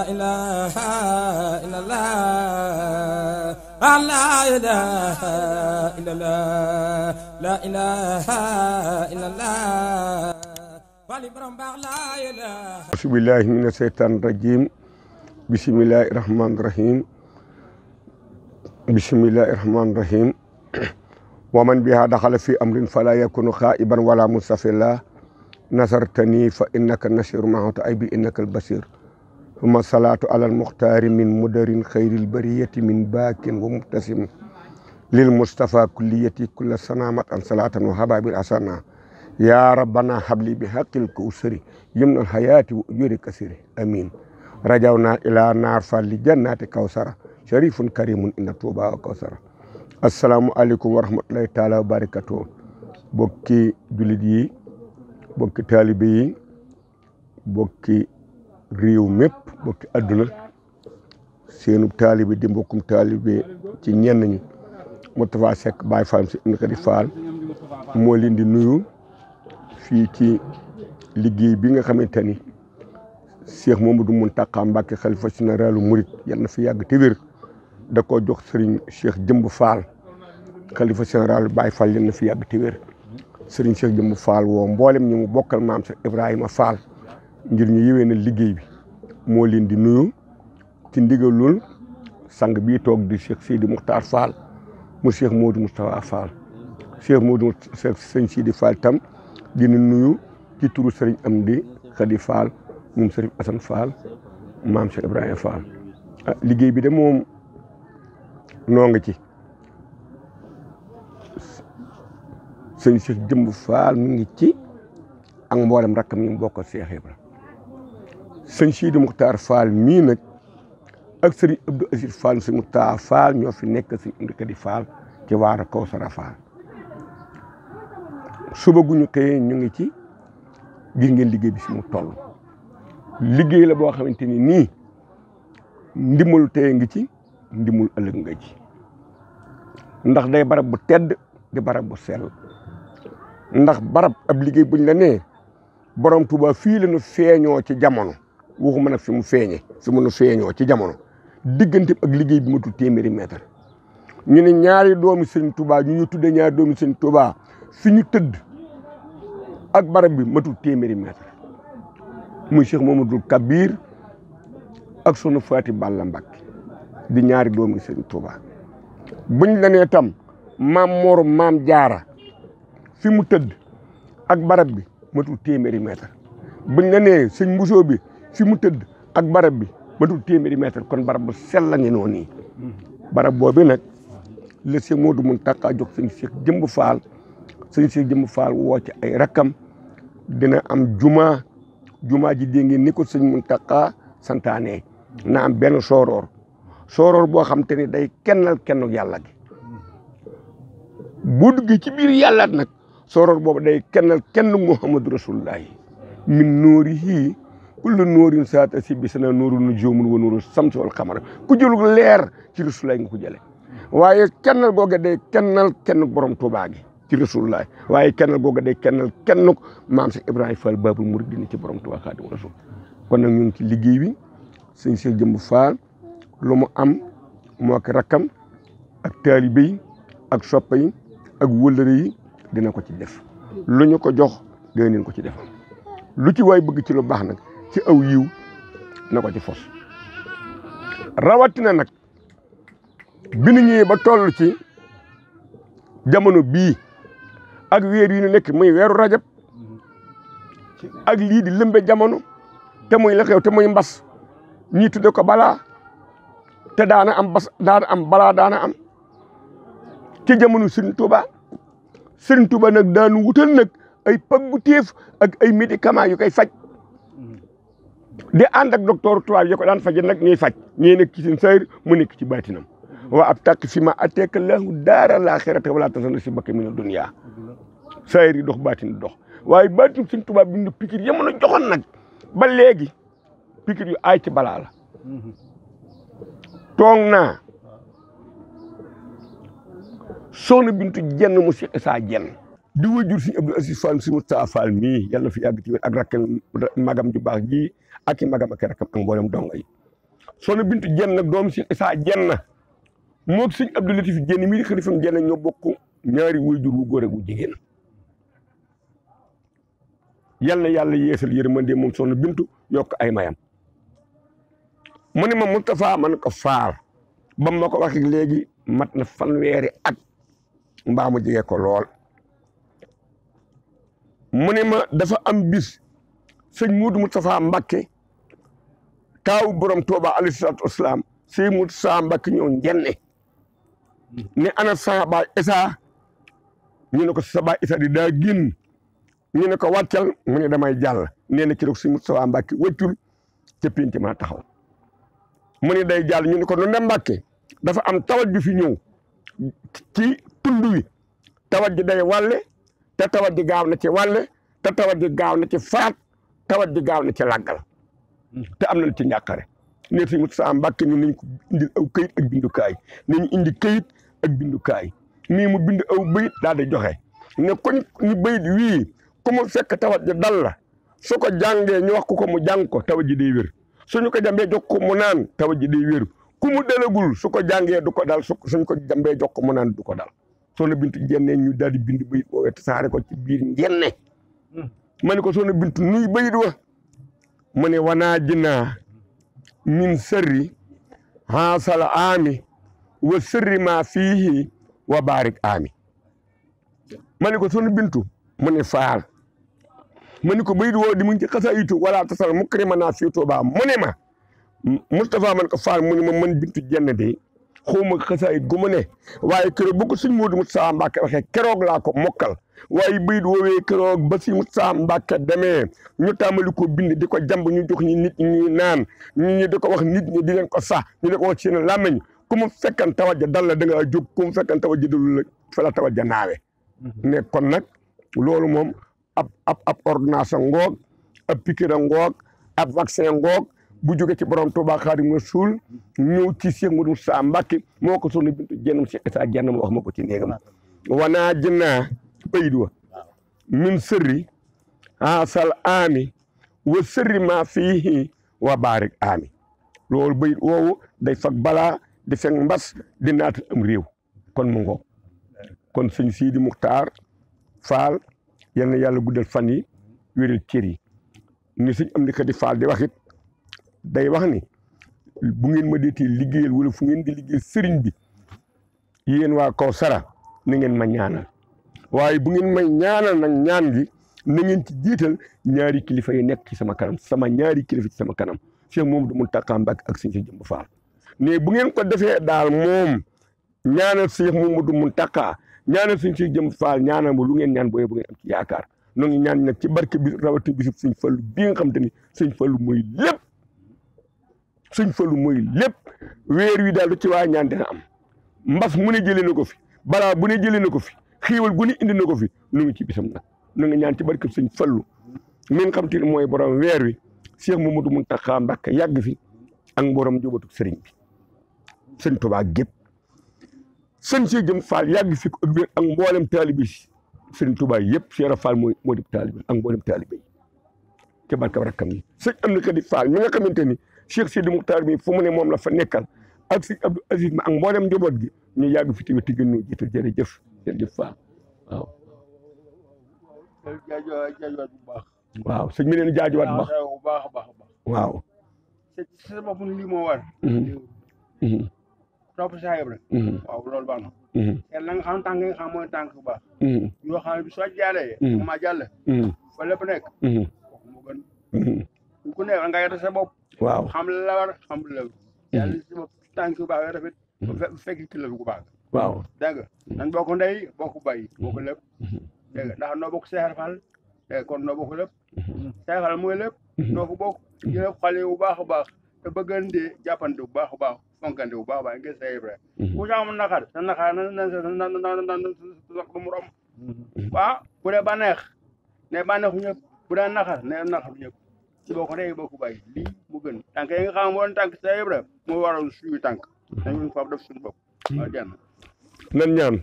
لا إله إلا الله لا إله إلا الله لا إله إلا الله أعوذ بالله من الشيطان الرجيم بسم الله الرحمن الرحيم بسم الله الرحمن الرحيم ومن بها دخل في أمر فلا يكون خائبا ولا مستفلا نصرتني فإنك النصير معه أي بإنك البصير suma salaatu alal muxtaari min mudarin xayril bariyati min baakin wa mubtasim lil mustafa kulliyati kulla sanamat an salaatan wa hababil asana ya rabbana habli bi haqqil kawsari yumnal hayati wa ujuri kasiri amin rajaw naa ila naar falli jannaati kawsara sharifun karimun inna tuuba wa kawsara asalaamu aleykum wa rahmatullahi taala wa barakatuh bokki julit yi bokki taalibe yi bokki réew mépp bokki àdduna seenu taalibe di mbokkum taalibe ci ñenn ñi Moustapha Seck Baye Fall si di moo leen di nuyu fii ci liggéey bi nga xamante ni Cheikh Mamadou Mountakha mu xalifa généralu Mouride yal na fi yàgg te wér da koo jox Serigne Cheikh Jëmb Fall xalifa général Baye Fall yal fi yàgg te wér Serigne Cheikh Jëmb woo mboolem ñi mu bokkal maam Cheikh Ibrahima Fall. ngir ñu yéwénal liggéey bi moo leen di nuyu ci ndigalul sang bi toog di Cheikh Sidi Moukhtar Fall mu Cheikh Modou Moustapha Fall Cheikh Modou Cheikh sëñ Sidi Fall tam dina nuyu ci turu Serigne Amdi Khady Fall moom Serigne Assane Fall maam Cheikh Ibrahima Fall ah, liggéey bi de moom noo nga ci sëñ Cheikh Jëmb Fall mu ngi ci am mboolem rakkam ñu bokk Cheikh Ibrahima sëñ Sidi Muxtaar Fall mii nag ak Aziz Fall sëñ Muxtaar Fall ñoo fi nekk sëñ Amdi Kadi Fall ci waar Kawsara Fall suba gu ñu xëyee ñu ngi ci gis ngeen liggéey bi si mu toll liggéey la boo xamante ni nii ndimbalu tey ngi ci ndimbalu ëllëg nga ci ndax day barab bu tedd di barab bu sell ndax barab ab liggéey buñ la nee borom Tuuba fii la ñu feeñoo ci jamono waxuma nag fi mu feeñe fi mu nu feeñoo ci jamono diggante ak liggéey bi matul téeméeri mètre ñu ne ñaari doomi sëñ Touba ñu ñu tudde ñaari doomi seen Touba fi ñu tëdd ak barab bi matul téeméeri mètre muy Cheikh Mamadou Kabir ak sunu Faati Balla di ñaari doomi sëñ Touba buñ la tam maam Mor maam Jaara fi mu tëdd ak barab bi matul téeméeri mètre buñ la nee sëñ Mbusoo bi fi mu tëdd ak barab bi matul téeméeri mètre kon barab bu sell la ngi noonu nii barab boobu nag la sëñ Moodu Muntaxa jox sëñ Cheikh Jëmb Faal sëñ Cheikh Jëmb Faal woo ci ay rakkam dina am jumaa jumaa ji dégg ni ko sëñ Muntaxa santaane na am benn sooroor sooroor boo xam te ni day kennal kennu yàlla gi boo duggee ci biir yàllaat nag sooroor boobu day kennal kenn Muhammadu Rasulullahi min nuurihi kullu noorin saata si bi sana nooru nu joomun wa nooru samsi wal xamara ku jëlul leer ci rasulaay nga ko jële waaye kennal googa day kennal kenn borom Tuubaa gi ci rasulaay waaye kennal googa day kennal kenn maam si Ibrahima Fall Baabul Muridiin ci borom Tuubaa Xaadimu Rasuul kon nag ñu ngi ci liggéey bi sëñ Cheikh Jëmb Fall lu mu am moo ko rakkam ak taalibe ak soppe ak wëllëre yi dina ko ci def lu ñu ko jox dina ko ci defal lu ci waay bëgg ci lu baax nag ci aw yiw na ko ci fos rawatina nag bi nu ñëwee ba toll ci jamono bii ak weer yi nu nekk muy weeru rajab ak lii di lëmbe jamono te muy la xew te muy mbas ñii tudde ko balaa te daana am am balaa daana am ci jamono Sëriñ Tuuba Sëriñ Tuuba nag daan wutal nag ay pag bu téef ak ay médicament yu koy faj di ànd ak docteur tubaab yi ko daan faje nag ñuy faj ñii nekk ci mu nekk ci baatinam wa ab tàq fi ma ateeka lahu daara laaxirata wala tasana si bakki min dunya sayr dox baatin dox waaye baatin suñ tubaab bi ñu pikir yamoon a joxoon nag ba léegi pikir yu aay ci balaa la toog naa soxna bintu jenn mu si saa di wajur si Abdou Aziz Fall si Moustapha Fall mii yàlla fi yàgg ci ak rakkam magam ju baax ji ak i magam ak rakkam ak mboolem donga yi soxna Bintu Jenn nag doom si Isaa Jenn moog sëñ Abdou Latif Jenn mii di xalifam Jenn ñoo ñaari wajur wu góor ak wu jigéen yal na yàlla yeesal yërmande moom soxna Bintu yokk ay mayam mu ne ma Moustapha man ko Fall ba ma ko waxee léegi mat na fanweeri ak mbaa mu jege ko lool. mu ne ma dafa am bis sëñ Muudu Moustapha Mbakke taaw borom Touba alayhi salaatu wasalaam sëñ Moustapha Mbakke ñëw njenne ne ana sa baay Isa ñu ne ko sa baay Isa di daa génn ñu ne ko wàccal mu ne damay jàll nee na ci rek sëñ Moustapha Mbakke wàccul ca ma taxaw mu ne day jàll ñu ne ko noonu Mbakke dafa am tawat bi fi ñëw ci tund wi day wàlle te tawat di gaaw na ci wàll te tawat di gaaw na ci faat tawat di gaaw na ci làggal te am nañ ci njàqare ne fi Moussa Mbacke ni nañ ko indil aw këyit ak bindukaay nañ indi këyit ak bindukaay mii mu bind aw bëyit daal di joxe ne koñ ñu bëyit wii ku mu fekk tawat ji dal la su ko jàngee ñu wax ko mu jàng ko tawat ji day wér suñu ko jàmbee jox ko mu naan tawat ji day wér ku mu su ko jàngee du ko dal su suñ ko jàmbee jox ko mu naan du ko dal soxna Bintu jenne ñu daal di bind bayit woowee tasaare ko ci biir njenne hmm. ma ne ko soxna Bintu nuy bayit wa mu ne wanaa jinaa min sërri haasal aami wa sërri maa fiihi wa baarik aami ma ne ko soxna Bintu mu ne faal ma ne ko bayit woo di mu ngi ci xasaayitu wala tasal mukrima naa fii Tuubaa mu ne ma Moustapha man ko faal mu ne ma man Bintu jenne de xawma xasaay gu ma ne waaye keroog bu ko suñ Moodu Moustapha Mbacke waxee keroog laa ko mokkal waaye bayit woowee keroog ba si saam Mbacke demee ñu tàmbali ko bind di ko jàmb ñu jox ñi nit ñi naan ñi di ko wax nit ñi di leen ko sax ñu di ko wax seen làmmiñ ku mu fekkan tawat ja dal la da ngaa jóg ku mu fekkan tawat ja dalul la fa naawe mhm. ne kon nag loolu moom ab ab ab ngoog ab piqûre ngoog ab vaccin ngoog bu joge ci borom toba khadim rasul ñew ci sengu Moodu Musaa Mbàkke moo ko bintu jenum Seex Isaa jenum wax mako ci néegam wana jinna bayit wa min sirri asal ami wa sirri ma fihi wa baarik aami loolu bayit woowu day fak bala di feng mbass di naat am rew kon mu ngoo kon sëñ Sidi Muxtaar fal yalla yalla guddal fan yi wéral ciri ni sëñ am ni kat di fal di waxit day wax ni bu ngeen ma deti liggeel wala fu ngeen di liggeel serigne bi wa waa Kawsara ni ngeen ma ñaanal waye bu ngeen may ñaanal nak ñaan gi na ngeen ci jital ñaari kilifa yi nek ci sama kanam sama ñaari kilifa ci sama kanam Cheikh Mouhamadou Mountakha bak ak seigne Cheikh Jëmb Fall ne bu ngeen ko defé dal mom ñaanal Cheikh Mouhamadou Mountakha ñaanal seigne Cheikh Jëmb Fall ñaanal ma lu ngeen ñaan boye bu ngeen am ci yaakar noo ngi ñaan nak ci barke bi rawati bisub seigne Fallu bi nga xam Fallu sëñ Fallu mooy lépp weer wi daal lu ci waa ñaan dina am mbas mu ne jëlee na ko fi balaa bu ne jëlee na ko fi xiiwal gu ne indi na ko fi nu ngi ci bisam nag nu ngi ñaan ci barkeb sëñ Fallu mi nga xam te ne mooy borom weer wi Cheikh Mamadou Mountakha Mbacké yàgg fi ak borom njóobatu sëriñ bi sëñ Tuubaa gépp sëñ si jëm faal yàgg fi ak wér ak mboolem taalibi sëriñ Tuubaa yëpp Cheikh Faal mooy moo di taalibi ak mboolem taalibi ci barkab rakkam yi sëñ am na ka di faal mi nga xamante ni Cheikh Sidi Moukhtar bi fu mu ne moom la fa nekkal ak si Abdou Aziz ma ak mboolem njaboot gi ñu yàgg fi tiga tiga ñu jiitu jërëjëf jërëjëf Fall waaw. waaw sëñ bi leen jaajuwaat bu baax baax baax waaw. sa bopp lii moo war. Mhm. Mhm. topp saa mhm. waaw loolu baax na. te la nga xam tànk nga xam mooy tànk bu baax. yoo xam nekk. ku ne war nga yar sa bopp. waaw xam la war xam la yàlla si bu baax yoo rafet. bu fekkee ci la bu baax. waaw dégg nga nan bokk ndey bokk bay bokk lépp. dégg nga ndax noo bokk Seex kon noo bokk lépp. Seex Faal mooy lépp. noo ko bokk ñu ne baax a baax te bëggante jàppante baax a baax fonkante bu baax a baax ngeen Seex Ibrahima. ku sa am naqar sa naqar na na na na na du mu rom. waaw bu dee bànneex ne bànneexu ñëpp bu ci boo ko dee boo ko bàyyi lii mu gën tànk yi nga ne woon tànk sa yëpp rek moo waral suñu tànk dañu hmm. ko def suñu bopp waaw jàmm nan ñaan